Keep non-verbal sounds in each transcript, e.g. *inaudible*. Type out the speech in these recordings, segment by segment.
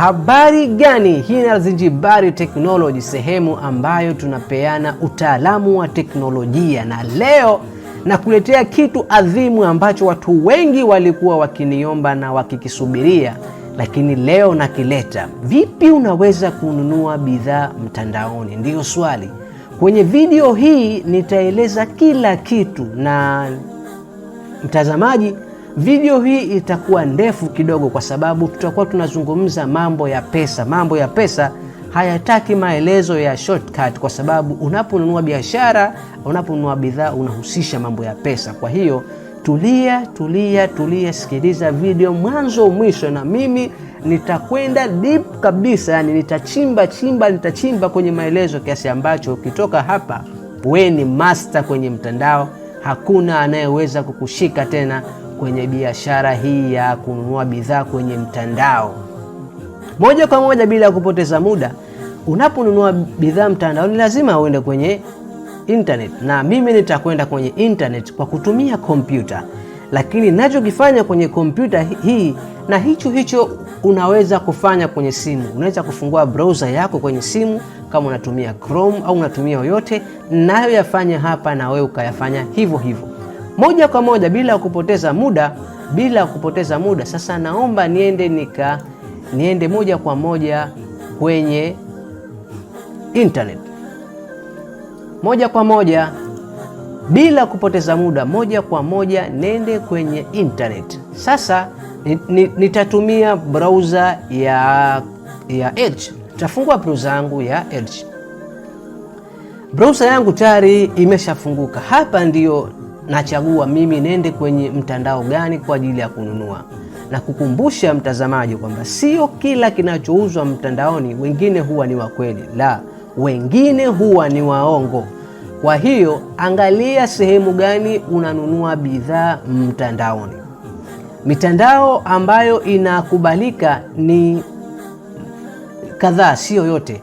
Habari gani? Hii ni Alzenjbary Technology, sehemu ambayo tunapeana utaalamu wa teknolojia, na leo nakuletea kitu adhimu ambacho watu wengi walikuwa wakiniomba na wakikisubiria, lakini leo nakileta. Vipi unaweza kununua bidhaa mtandaoni? Ndiyo swali. Kwenye video hii nitaeleza kila kitu, na mtazamaji Video hii itakuwa ndefu kidogo, kwa sababu tutakuwa tunazungumza mambo ya pesa. Mambo ya pesa hayataki maelezo ya shortcut, kwa sababu unaponunua biashara, unaponunua bidhaa, unahusisha mambo ya pesa. Kwa hiyo tulia, tulia, tulia, sikiliza video mwanzo mwisho, na mimi nitakwenda deep kabisa, yani nitachimba chimba, nitachimba kwenye maelezo kiasi ambacho ukitoka hapa we ni master kwenye mtandao, hakuna anayeweza kukushika tena kwenye biashara hii ya kununua bidhaa kwenye mtandao. Moja kwa moja bila ya kupoteza muda, unaponunua bidhaa mtandaoni lazima uende kwenye internet, na mimi nitakwenda kwenye internet kwa kutumia kompyuta, lakini nachokifanya kwenye kompyuta hii na hicho hicho unaweza kufanya kwenye simu. Unaweza kufungua browser yako kwenye simu kama unatumia Chrome au unatumia yoyote, nayo yafanya hapa na wewe ukayafanya hivyo hivyo moja kwa moja bila kupoteza muda, bila kupoteza muda. Sasa naomba niende nika niende moja kwa moja kwenye internet, moja kwa moja bila kupoteza muda, moja kwa moja nende kwenye internet. Sasa nitatumia browser ya ya Edge. Tafungua browser yangu ya Edge. Browser yangu tayari imeshafunguka. Hapa ndiyo nachagua mimi nende kwenye mtandao gani kwa ajili ya kununua, na kukumbusha mtazamaji kwamba sio kila kinachouzwa mtandaoni, wengine huwa ni wakweli, la wengine huwa ni waongo. Kwa hiyo angalia sehemu gani unanunua bidhaa mtandaoni. Mitandao ambayo inakubalika ni kadhaa, sio yote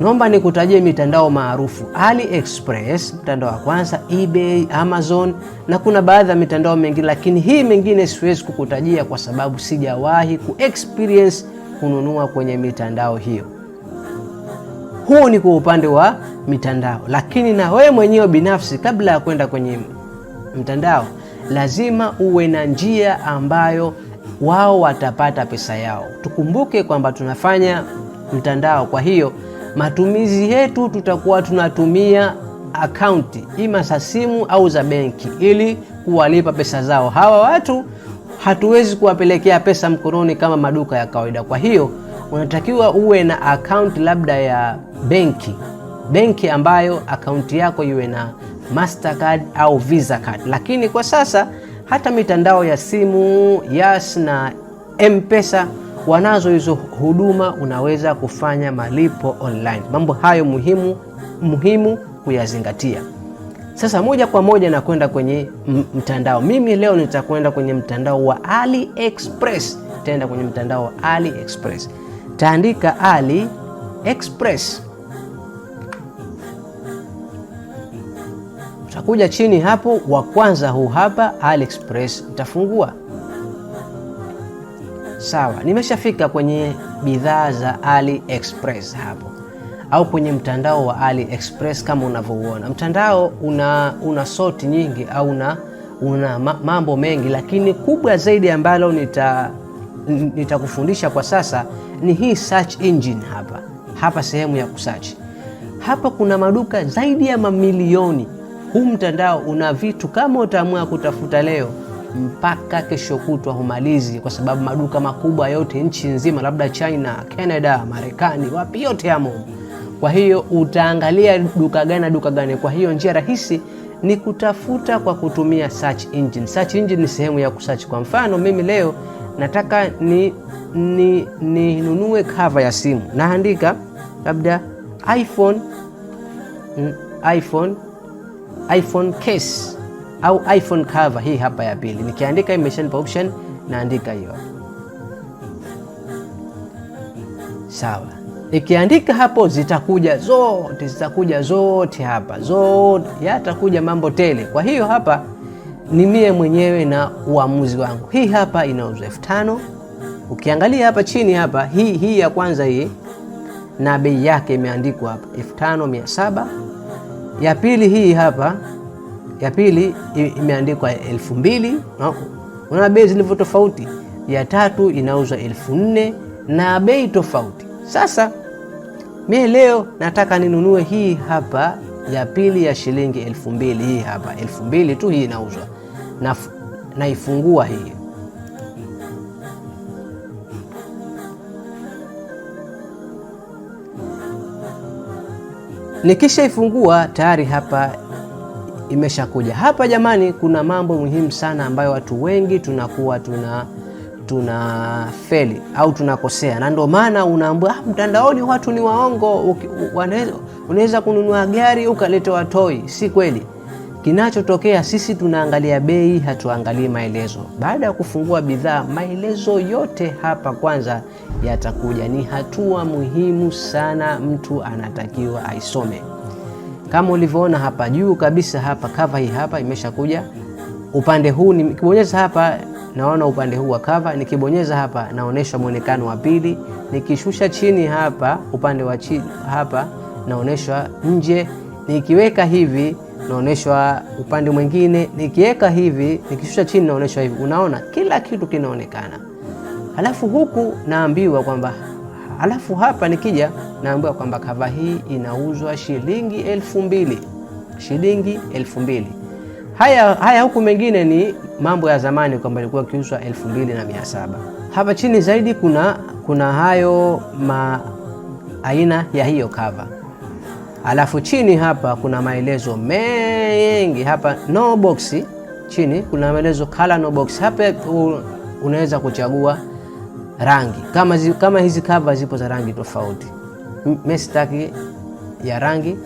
naomba nikutajie mitandao maarufu AliExpress, mtandao wa kwanza, eBay, Amazon na kuna baadhi ya mitandao mingine, lakini hii mingine siwezi kukutajia kwa sababu sijawahi ku experience kununua kwenye mitandao hiyo. Huu ni kwa upande wa mitandao, lakini na wewe mwenyewe binafsi, kabla ya kwenda kwenye mtandao, lazima uwe na njia ambayo wao watapata pesa yao. Tukumbuke kwamba tunafanya mtandao, kwa hiyo matumizi yetu tutakuwa tunatumia akaunti ima za simu au za benki ili kuwalipa pesa zao. Hawa watu hatuwezi kuwapelekea pesa mkononi kama maduka ya kawaida. Kwa hiyo unatakiwa uwe na akaunti labda ya benki, benki ambayo akaunti yako iwe na Mastercard au Visa card. Lakini kwa sasa hata mitandao ya simu, Yas na mpesa wanazo hizo huduma, unaweza kufanya malipo online. Mambo hayo muhimu muhimu kuyazingatia. Sasa moja kwa moja nakwenda kwenye mtandao. Mimi leo nitakwenda kwenye mtandao wa AliExpress, nitaenda kwenye mtandao wa AliExpress, taandika AliExpress, utakuja chini hapo, wa kwanza huu hapa AliExpress, utafungua sawa, nimeshafika kwenye bidhaa za AliExpress hapo au kwenye mtandao wa AliExpress kama unavyouona. Mtandao una, una soti nyingi au una, una mambo mengi, lakini kubwa zaidi ambalo nitakufundisha nita kwa sasa ni hii search engine hapa hapa, sehemu ya kusearch hapa. Kuna maduka zaidi ya mamilioni. Huu mtandao una vitu kama utaamua kutafuta leo mpaka kesho kutwa humalizi, kwa sababu maduka makubwa yote nchi nzima, labda China, Canada, Marekani, wapi yote yamo. Kwa hiyo utaangalia duka gani na duka gani. Kwa hiyo njia rahisi ni kutafuta kwa kutumia search engine. Search engine ni sehemu ya kusearch. Kwa mfano mimi leo nataka ni ninunue ni cover ya simu, naandika labda iPhone, mm, iPhone, iPhone case au iPhone cover hii hapa ya pili. Nikiandika imeshanipa option, naandika hiyo sawa. Nikiandika hapo zitakuja zote, zitakuja zote hapa zote, yatakuja mambo tele. Kwa hiyo hapa ni mie mwenyewe na uamuzi wangu. Hii hapa inauzwa elfu tano. Ukiangalia hapa chini hapa hii, hii ya kwanza hii na bei yake imeandikwa hapa elfu tano mia saba. Ya pili hii hapa ya pili imeandikwa elfu mbili. Unaona bei zilivyo tofauti. Ya tatu inauzwa elfu nne na bei tofauti. Sasa mie leo nataka ninunue hii hapa ya pili ya shilingi elfu mbili. Hii hapa elfu mbili tu, hii inauzwa na naifungua hii nikishaifungua tayari hapa imeshakuja hapa. Jamani, kuna mambo muhimu sana ambayo watu wengi tunakuwa tuna tuna feli au tunakosea, na ndio maana unaambiwa ah, mtandaoni watu ni waongo, unaweza kununua gari ukaletewa toi. Si kweli. Kinachotokea, sisi tunaangalia bei, hatuangalii maelezo. Baada ya kufungua bidhaa, maelezo yote hapa kwanza yatakuja. Ni hatua muhimu sana, mtu anatakiwa aisome kama ulivyoona hapa juu kabisa hapa cover hii hapa imeshakuja upande huu. Nikibonyeza hapa naona upande huu wa cover, nikibonyeza hapa naonesha mwonekano wa pili, nikishusha chini hapa upande wa chini hapa naoneshwa nje, nikiweka hivi naoneshwa upande mwingine, nikiweka hivi, nikishusha chini naoneshwa hivi. Unaona kila kitu kinaonekana, halafu huku naambiwa kwamba Alafu hapa nikija naambiwa kwamba kava hii inauzwa shilingi elfu mbili shilingi elfu mbili. Haya, haya huku mengine ni mambo ya zamani kwamba ilikuwa ikiuzwa elfu mbili na mia saba. Hapa chini zaidi kuna, kuna hayo ma, aina ya hiyo kava. Alafu chini hapa kuna maelezo mengi hapa no boxi Chini kuna maelezo kala no box. Hapa unaweza kuchagua rangi kama, zi, kama hizi kava zipo za rangi tofauti. Mimi sitaki ya rangi,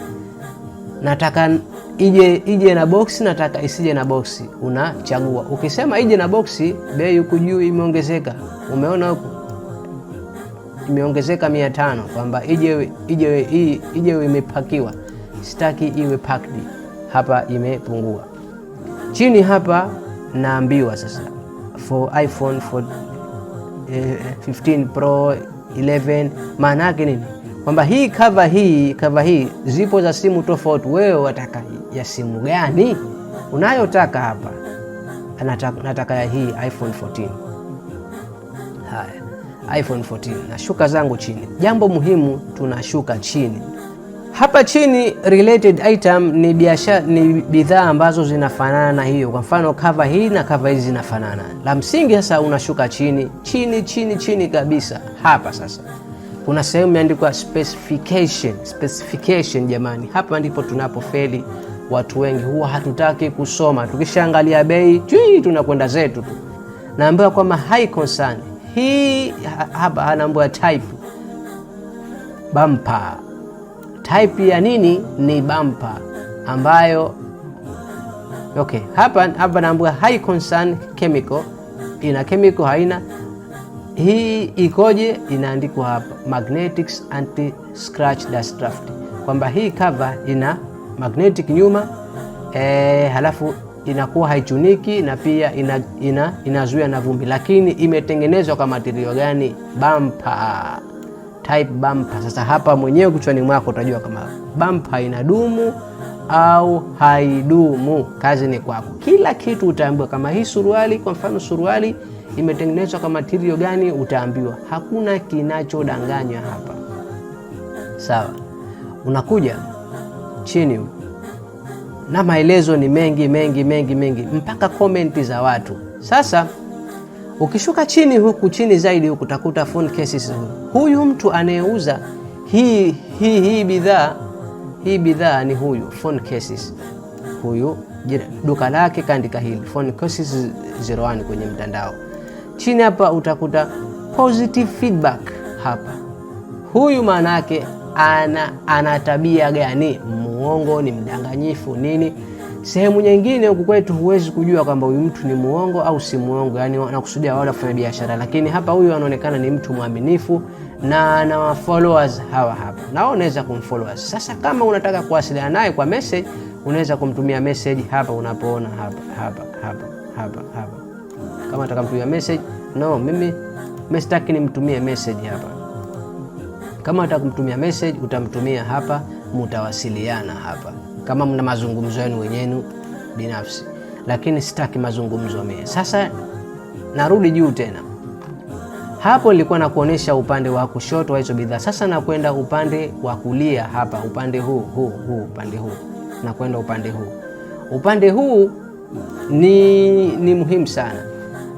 nataka ije, ije na boksi, nataka isije na boksi. Unachagua. Ukisema ije na boksi, bei huku juu imeongezeka. Umeona huku imeongezeka mia tano kwamba ije, ije, ije, ije imepakiwa. Sitaki iwe packed, hapa imepungua chini hapa. Naambiwa sasa for iPhone 14 15 Pro 11. Maana yake nini? Kwamba hii kava hii kava hii zipo za simu tofauti. Wewe wataka ya simu gani unayotaka? Hapa nataka ya hii iPhone 14. Haya, iPhone 14. Nashuka zangu chini. Jambo muhimu, tunashuka chini. Hapa chini related item ni biashara, ni bidhaa ambazo zinafanana na hiyo. Kwa mfano cover hii na cover hizi zinafanana. La msingi sasa, unashuka chini chini chini chini kabisa. Hapa sasa kuna sehemu imeandikwa specification. Specification jamani, hapa ndipo tunapofeli watu wengi, huwa hatutaki kusoma. Tukishaangalia bei chui, tunakwenda zetu tu. Naambiwa kwamba high concern hii hapa, anaambiwa type bumper type ya nini ni bumper ambayo okay, hapa hapa naambia high concern chemical, ina chemical haina hii ikoje? Inaandikwa hapa magnetics anti scratch dust draft, kwamba hii cover ina magnetic nyuma e, halafu inakuwa haichuniki na pia ina, ina, inazuia na vumbi, lakini imetengenezwa kwa material gani? Bampa type bumper. Sasa hapa mwenyewe kichwani mwako utajua kama bumper inadumu au haidumu. Kazi ni kwako, kila kitu utaambiwa. Kama hii suruali kwa mfano, suruali imetengenezwa kwa material gani, utaambiwa. Hakuna kinachodanganywa hapa, sawa? Unakuja chini na maelezo ni mengi mengi mengi mengi, mpaka komenti za watu sasa Ukishuka chini huku chini zaidi huku utakuta phone cases. Huyu mtu anayeuza hii hii hii bidhaa hii bidhaa ni huyu phone cases. Huyu duka lake kaandika hili phone cases 01 kwenye mtandao. Chini hapa utakuta positive feedback hapa. Huyu maana yake ana, ana tabia gani? Muongo, ni mdanganyifu nini? Sehemu nyingine huku kwetu huwezi kujua kwamba huyu mtu ni muongo au si muongo, yani anakusudia wala wafanya biashara, lakini hapa huyu anaonekana ni mtu mwaminifu na na followers hawa hapa, na unaweza kumfollow. Sasa kama unataka kuwasiliana naye kwa message, unaweza kumtumia message hapa, unapoona hapa hapa hapa hapa hapa. Kama unataka kumtumia message, no, mimi msitaki nimtumie message hapa. Kama unataka kumtumia message, utamtumia hapa, mutawasiliana hapa kama mna mazungumzo yenu wenyenu binafsi, lakini sitaki mazungumzo mie. Sasa narudi juu tena hapo, nilikuwa nakuonesha upande wa kushoto wa hizo bidhaa. Sasa nakwenda upande wa kulia hapa, upande huu huu huu, upande huu nakwenda upande huu, upande huu ni, ni muhimu sana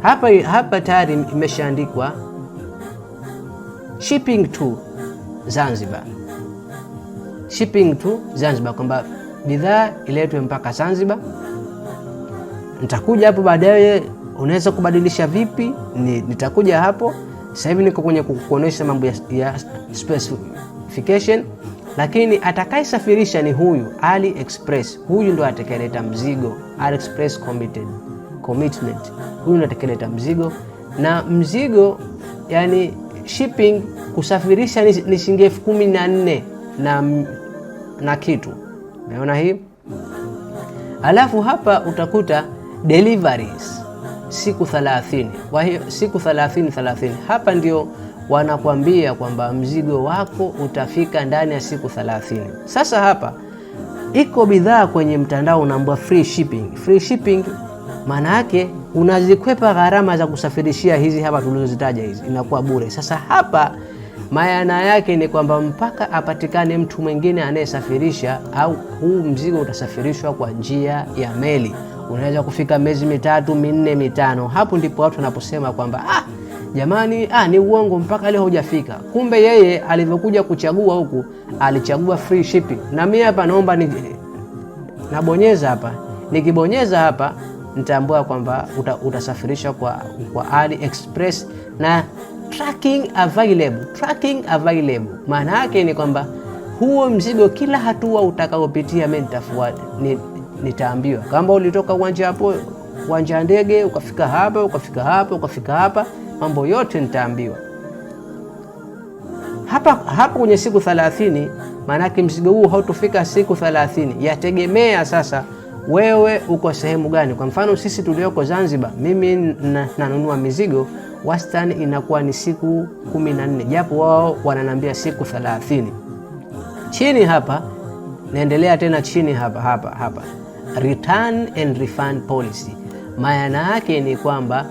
hapa. Hapa tayari imeshaandikwa shipping to Zanzibar, shipping to Zanzibar kwamba bidhaa iletwe mpaka Zanzibar. Nitakuja hapo baadaye, unaweza kubadilisha vipi? Nitakuja hapo. Sasa hivi niko kwenye kukuonesha mambo ya, ya specification, lakini atakayesafirisha ni huyu Ali Express. Huyu ndo atakayeleta mzigo Ali Express committed commitment, huyu ndo atakayeleta mzigo na mzigo, yani shipping kusafirisha ni shilingi elfu kumi na nne na kitu Umeona hii? Alafu hapa utakuta deliveries siku 30. Kwa hiyo siku 30 30. Hapa ndio wanakwambia kwamba mzigo wako utafika ndani ya siku 30. Sasa hapa iko bidhaa kwenye mtandao unaambiwa free shipping. Free shipping maana yake unazikwepa gharama za kusafirishia hizi hapa tulizozitaja hizi, inakuwa bure. Sasa hapa maana yake ni kwamba mpaka apatikane mtu mwingine anayesafirisha au huu mzigo utasafirishwa kwa njia ya meli, unaweza kufika miezi mitatu minne mitano. Hapo ndipo watu wanaposema kwamba ah, jamani ah, ni uongo, mpaka leo hujafika. Kumbe yeye alivyokuja kuchagua huku alichagua free shipping. Na mimi hapa naomba ni nabonyeza hapa, nikibonyeza hapa nitaambua kwamba utasafirishwa kwa, kwa AliExpress na tracking available. Tracking available maana yake ni kwamba huo mzigo kila hatua utakaopitia mimi nitafuata, nitaambiwa kama ulitoka uwanja hapo uwanja wa ndege ukafika hapa ukafika hapa ukafika hapa, mambo yote nitaambiwa hapa hapo kwenye siku thalathini. yake mzigo huu hautofika siku thalathini, yategemea sasa wewe uko sehemu gani. Kwa mfano sisi tulioko Zanzibar, mimi nanunua mizigo wastani inakuwa ni siku kumi na nne japo wao wananambia siku 30 Chini hapa naendelea tena chini hapa hapa hapa, return and refund policy, maana yake ni kwamba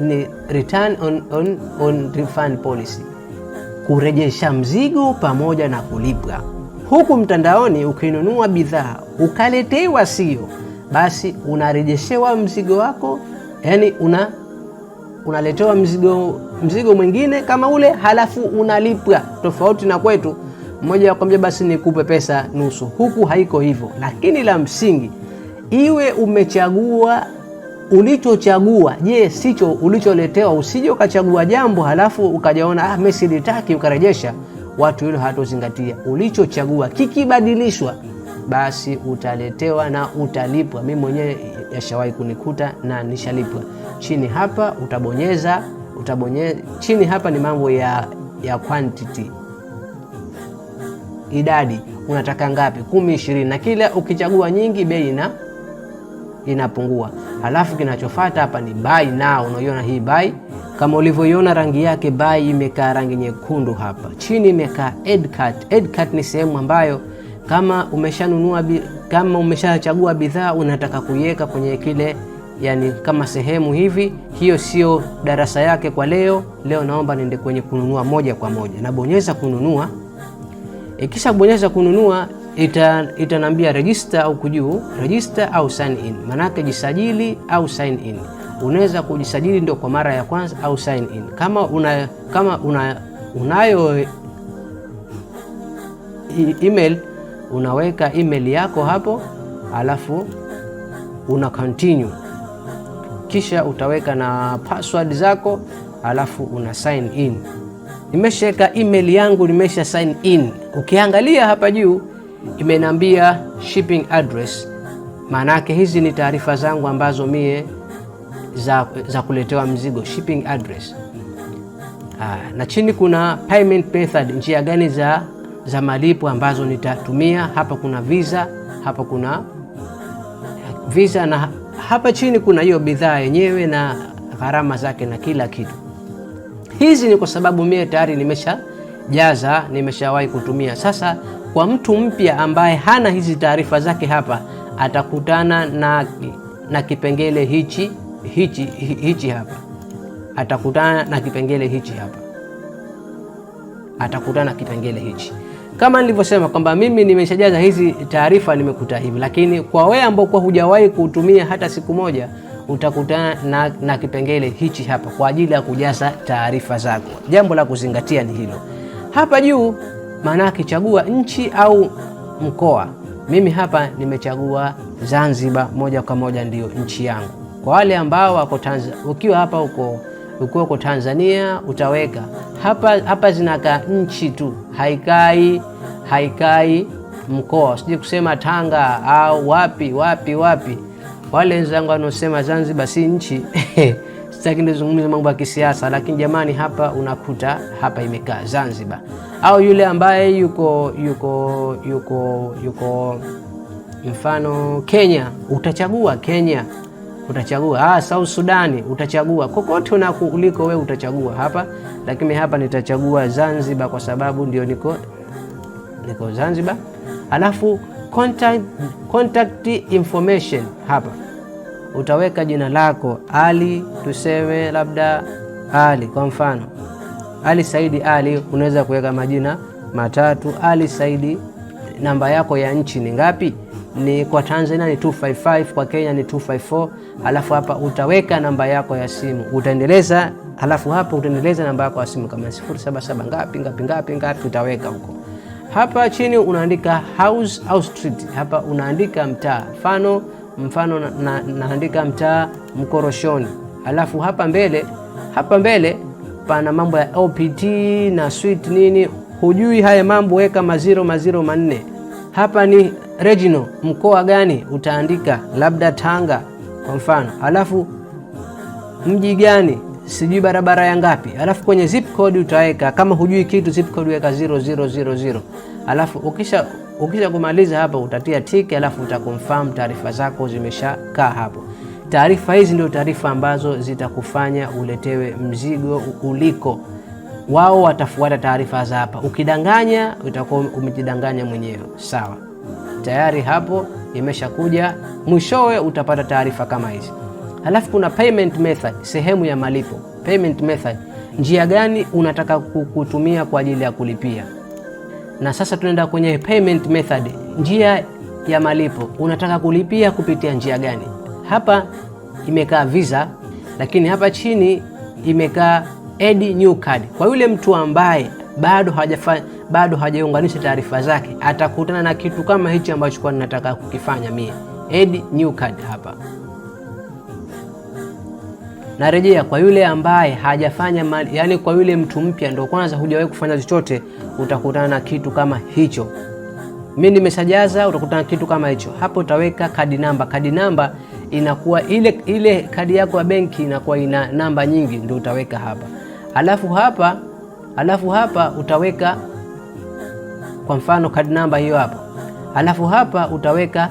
ni return on, on, on refund policy, kurejesha mzigo pamoja na kulipwa. Huku mtandaoni ukinunua bidhaa ukaletewa sio, basi unarejeshewa mzigo wako, yani una unaletewa mzigo mzigo mwingine kama ule, halafu unalipwa tofauti na kwetu. Mmoja akwambia basi nikupe pesa nusu, huku haiko hivyo. Lakini la msingi iwe umechagua ulichochagua. Je, sicho ulicholetewa? Usije ukachagua jambo halafu ukajaona ah, mimi silitaki ukarejesha. Watu hilo hatozingatia ulichochagua, kikibadilishwa basi utaletewa na utalipwa. Mimi mwenyewe yashawahi kunikuta na nishalipwa. Chini hapa utabonyeza, utabonyeza chini hapa ni mambo ya, ya quantity idadi unataka ngapi? kumi, ishirini, na kila ukichagua nyingi bei ina inapungua. Halafu kinachofuata hapa ni buy now. Unaiona hii buy, kama ulivyoiona rangi yake buy imekaa rangi nyekundu hapa, chini imekaa add cart. Add cart ni sehemu ambayo kama umeshanunua kama umeshachagua bidhaa unataka kuiweka kwenye kile yani kama sehemu hivi, hiyo sio darasa yake kwa leo. Leo naomba niende kwenye kununua moja kwa moja, nabonyeza kununua. Ikisha bonyeza kununua, itanambia register au kujuu register au sign in, manake jisajili au sign in. Unaweza kujisajili ndio kwa mara ya kwanza au sign in kama una, kama una, unayo email unaweka email yako hapo, alafu una continue, kisha utaweka na password zako, alafu una sign in. Nimeshaweka email yangu, nimesha sign in. Ukiangalia hapa juu imenambia shipping address, maana yake hizi ni taarifa zangu ambazo mie za, za kuletewa mzigo shipping address. Aa, na chini kuna payment method, njia gani za za malipo ambazo nitatumia hapa. Kuna Visa, hapa kuna Visa na hapa chini kuna hiyo bidhaa yenyewe na gharama zake na kila kitu. Hizi ni kwa sababu mie tayari nimeshajaza, nimeshawahi kutumia. Sasa kwa mtu mpya ambaye hana hizi taarifa zake hapa, atakutana na, na kipengele hichi, hichi, hichi hapa atakutana na kipengele hichi hapa atakutana na kipengele hichi. Kama nilivyosema kwamba mimi nimeshajaza hizi taarifa, nimekuta hivi, lakini kwa wewe ambao kwa hujawahi kuutumia hata siku moja, utakutana na, na kipengele hichi hapa kwa ajili ya kujaza taarifa zako. Jambo la kuzingatia ni hilo hapa juu, maana akichagua nchi au mkoa. Mimi hapa nimechagua Zanzibar moja kwa moja, ndiyo nchi yangu. Kwa wale ambao wako Tanzania, ukiwa hapa uko ukiwa kwa Tanzania utaweka hapa. Hapa zinakaa nchi tu, haikai haikai mkoa, sije kusema Tanga au wapi wapi wapi. Wale wenzangu wanaosema Zanzibar si nchi *laughs* sitaki nizungumze mambo ya kisiasa, lakini jamani, hapa unakuta hapa imekaa Zanzibar. Au yule ambaye yuko yuko yuko yuko mfano Kenya, utachagua Kenya utachagua ah, South Sudani utachagua kokote unako uliko we utachagua hapa, lakini hapa nitachagua Zanzibar kwa sababu ndio niko niko Zanzibar. Alafu contact, contact information hapa utaweka jina lako Ali, tuseme labda Ali kwa mfano Ali Saidi Ali, unaweza kuweka majina matatu Ali Saidi. Namba yako ya nchi ni ngapi? ni kwa Tanzania ni 255, kwa Kenya ni 254. alafu hapa utaweka namba yako ya simu utaendeleza, halafu hapa utaendeleza namba yako ya simu kama 077 ngapi ngapi ngapi ngapi, utaweka huko. Hapa chini unaandika house au street, hapa unaandika mtaa, mfano mfano na, na, naandika mtaa Mkoroshoni. Halafu hapa mbele hapa mbele pana mambo ya OPT na suite nini, hujui haya mambo, weka maziro maziro manne. Hapa ni Regional mkoa gani utaandika labda Tanga kwa mfano, alafu mji gani sijui barabara ya ngapi, alafu kwenye zip code utaweka kama hujui kitu zip code weka 0000 alafu ukisha ukisha kumaliza hapo utatia tiki, alafu utaconfirm taarifa zako zimeshakaa hapo. Taarifa hizi ndio taarifa ambazo zitakufanya uletewe mzigo uliko. Wao watafuata taarifa za hapa. Ukidanganya utakuwa umejidanganya mwenyewe, sawa tayari hapo imeshakuja, mwishowe utapata taarifa kama hizi. Halafu kuna payment method, sehemu ya malipo. Payment method, njia gani unataka kutumia kwa ajili ya kulipia. Na sasa tunaenda kwenye payment method, njia ya malipo. Unataka kulipia kupitia njia gani? Hapa imekaa Visa, lakini hapa chini imekaa add new card. Kwa yule mtu ambaye bado hajafanya bado hajaunganisha taarifa zake, atakutana na kitu kama hichi ambacho kwa ninataka kukifanya mie. Ed new card hapa narejea kwa yule ambaye hajafanya mali, yani kwa yule mtu mpya ndo kwanza hujawahi kufanya chochote, utakutana na kitu kama hicho. Mimi nimeshajaza, utakutana kitu kama hicho. Hapo utaweka kadi namba. Kadi namba inakuwa ile ile kadi yako ya benki inakuwa ina namba nyingi, ndio utaweka hapa. Alafu hapa halafu hapa utaweka kwa mfano card number hiyo hapo, alafu hapa utaweka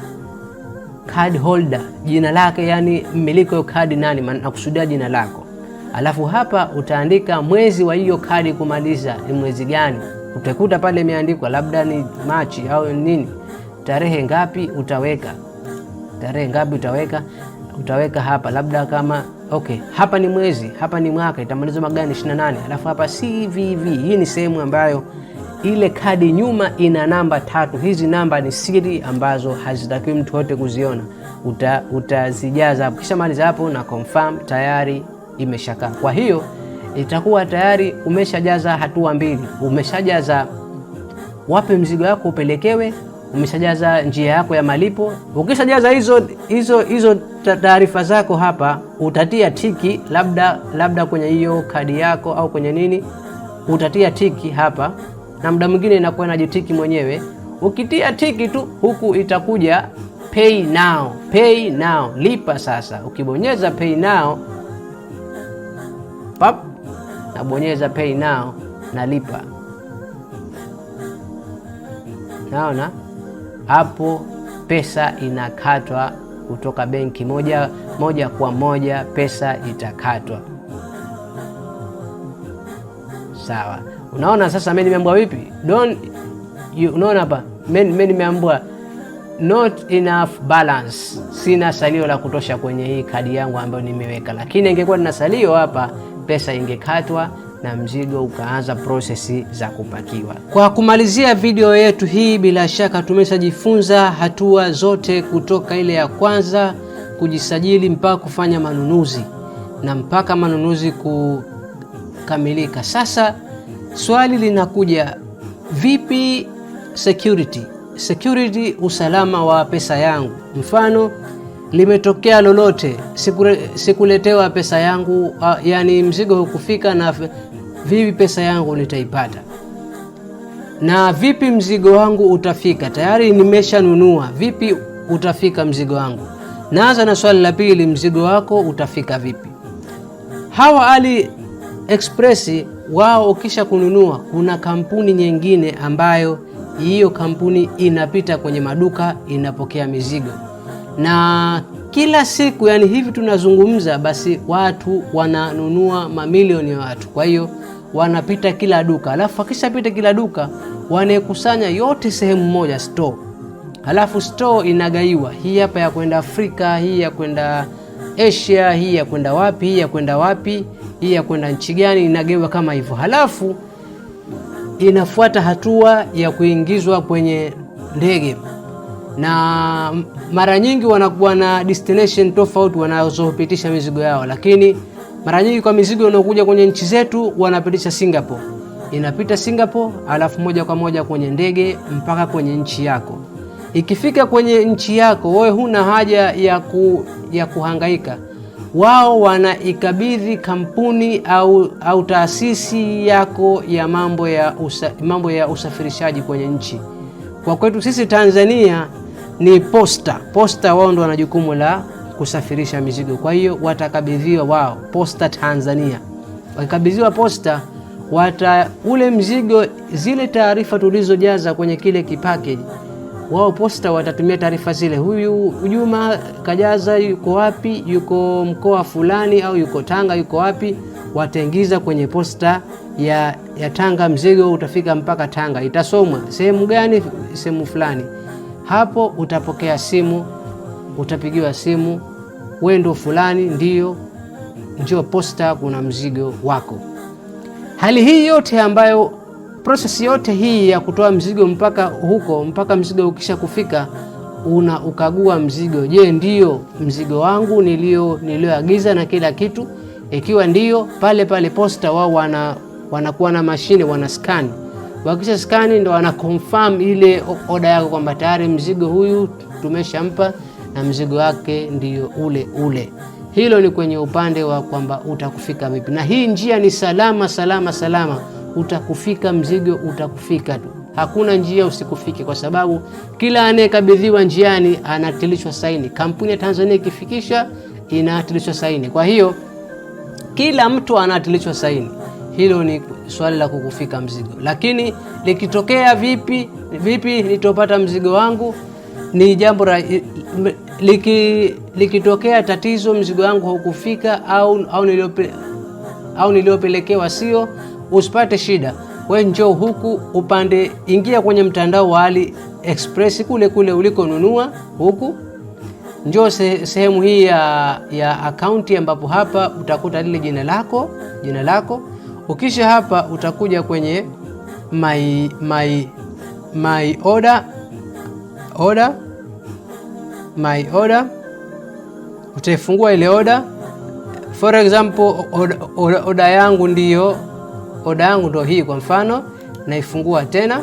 card holder, jina lake, yani mmiliki wa kadi nani, nakusudia jina lako. Alafu hapa utaandika mwezi wa hiyo kadi kumaliza ni mwezi gani, utakuta pale imeandikwa labda ni Machi au nini, tarehe ngapi utaweka, tarehe ngapi utaweka, utaweka hapa labda kama Okay, hapa ni mwezi, hapa ni mwaka, itamalizwa mwaka gani? 28. Alafu hapa CVV, hii ni sehemu ambayo ile kadi nyuma ina namba tatu. Hizi namba ni siri ambazo hazitakiwi mtu wote kuziona. Uta, utazijaza hapo, kisha maliza hapo na confirm, tayari imeshakaa. Kwa hiyo itakuwa tayari umeshajaza hatua mbili, umeshajaza wape mzigo wako upelekewe, umeshajaza njia yako ya malipo. Ukishajaza hizo hizo hizo taarifa zako hapa, utatia tiki, labda labda kwenye hiyo kadi yako au kwenye nini, utatia tiki hapa na muda mwingine inakuwa inajitiki mwenyewe. Ukitia tiki tu huku itakuja pay now, pay now, lipa sasa. Ukibonyeza pay now, pap, nabonyeza pay now, nalipa. Naona hapo pesa inakatwa kutoka benki moja moja kwa moja, pesa itakatwa. Sawa. Unaona sasa, mimi nimeambiwa vipi? Don't you, unaona hapa mimi nimeambiwa not enough balance, sina salio la kutosha kwenye hii kadi yangu ambayo nimeweka, lakini ingekuwa nina salio hapa, pesa ingekatwa na mzigo ukaanza prosesi za kupakiwa. Kwa kumalizia video yetu hii, bila shaka tumeshajifunza hatua zote kutoka ile ya kwanza kujisajili mpaka kufanya manunuzi na mpaka manunuzi kukamilika. Sasa Swali linakuja, vipi security security, usalama wa pesa yangu? Mfano, limetokea lolote, sikuletewa pesa yangu, yani mzigo hukufika, na vipi pesa yangu nitaipata? Na vipi mzigo wangu utafika? Tayari nimeshanunua, vipi utafika mzigo wangu? Naanza na swali la pili, mzigo wako utafika vipi? Hawa Ali Express wao ukisha kununua, kuna kampuni nyingine ambayo hiyo kampuni inapita kwenye maduka inapokea mizigo, na kila siku, yani hivi tunazungumza, basi watu wananunua mamilioni ya watu. Kwa hiyo wanapita kila duka, alafu wakishapita kila duka wanaekusanya yote sehemu moja store, alafu store inagaiwa, hii hapa ya kwenda Afrika, hii ya kwenda Asia hii ya kwenda wapi, hii ya kwenda wapi, hii ya kwenda nchi gani, inageuka kama hivyo. Halafu inafuata hatua ya kuingizwa kwenye ndege, na mara nyingi wanakuwa na destination tofauti wanazopitisha mizigo yao, lakini mara nyingi kwa mizigo inaokuja kwenye nchi zetu wanapitisha Singapore, inapita Singapore alafu moja kwa moja kwenye ndege mpaka kwenye nchi yako. Ikifika kwenye nchi yako wewe, huna haja ya, ku, ya kuhangaika. Wao wanaikabidhi kampuni au, au taasisi yako ya mambo ya, usa, mambo ya usafirishaji kwenye nchi. Kwa kwetu sisi Tanzania ni posta. Posta wao ndo wana jukumu la kusafirisha mizigo, kwa hiyo watakabidhiwa wao Posta Tanzania. Wakikabidhiwa posta wata ule mzigo, zile taarifa tulizojaza kwenye kile kipakeji wao posta watatumia taarifa zile, huyu Juma Kajaza yuko wapi, yuko mkoa fulani, au yuko Tanga, yuko wapi, wataingiza kwenye posta ya, ya Tanga. Mzigo utafika mpaka Tanga, itasomwa sehemu gani, sehemu fulani. Hapo utapokea simu, utapigiwa simu, wendo fulani, ndio njoo posta, kuna mzigo wako. Hali hii yote ambayo Prosesi yote hii ya kutoa mzigo mpaka huko, mpaka mzigo ukisha kufika, una ukagua mzigo. Je, ndiyo mzigo wangu nilio nilioagiza na kila kitu? Ikiwa ndiyo, pale pale posta wao wana wanakuwa na mashine, wana skani. Wakisha skani, ndo wana confirm ile oda yako kwamba tayari mzigo huyu tumeshampa na mzigo wake ndio ule ule. Hilo ni kwenye upande wa kwamba utakufika vipi, na hii njia ni salama salama salama utakufika, mzigo utakufika tu, hakuna njia usikufike, kwa sababu kila anayekabidhiwa njiani anatilishwa saini. Kampuni ya Tanzania ikifikisha inatilishwa saini, kwa hiyo kila mtu anatilishwa saini. Hilo ni swali la kukufika mzigo, lakini likitokea vipi vipi nitopata mzigo wangu ni jambo ra liki, likitokea tatizo mzigo wangu haukufika au au niliopelekewa sio usipate shida. We njoo huku upande, ingia kwenye mtandao wa Ali Express kule kule ulikonunua huku, njoo sehemu hii ya, ya akaunti, ambapo hapa utakuta lile jina lako jina lako. Ukisha hapa utakuja kwenye my, my, my order, order, my order, utaifungua ile order. For example order, order yangu ndiyo oda yangu ndo hii, kwa mfano naifungua tena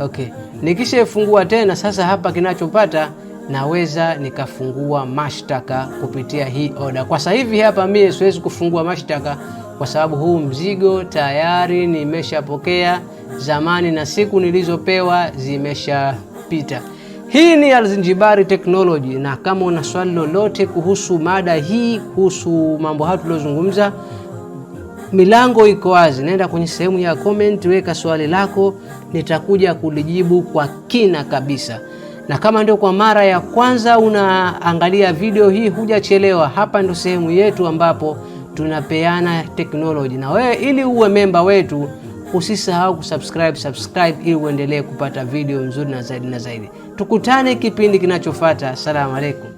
okay. Nikishaifungua tena sasa, hapa kinachopata naweza nikafungua mashtaka kupitia hii oda. Kwa sasa hivi hapa mie siwezi kufungua mashtaka kwa sababu huu mzigo tayari nimeshapokea, zamani na siku nilizopewa zimeshapita. Hii ni Alzenjbary Technology, na kama una swali lolote kuhusu mada hii, kuhusu mambo hayo tuliozungumza milango iko wazi, naenda kwenye sehemu ya comment, weka swali lako, nitakuja kulijibu kwa kina kabisa. Na kama ndio kwa mara ya kwanza unaangalia video hii, hujachelewa. Hapa ndio sehemu yetu ambapo tunapeana teknoloji na wewe. Ili uwe memba wetu, usisahau kusubscribe, subscribe ili uendelee kupata video nzuri na zaidi na zaidi. Tukutane kipindi kinachofuata. Asalamu alaykum.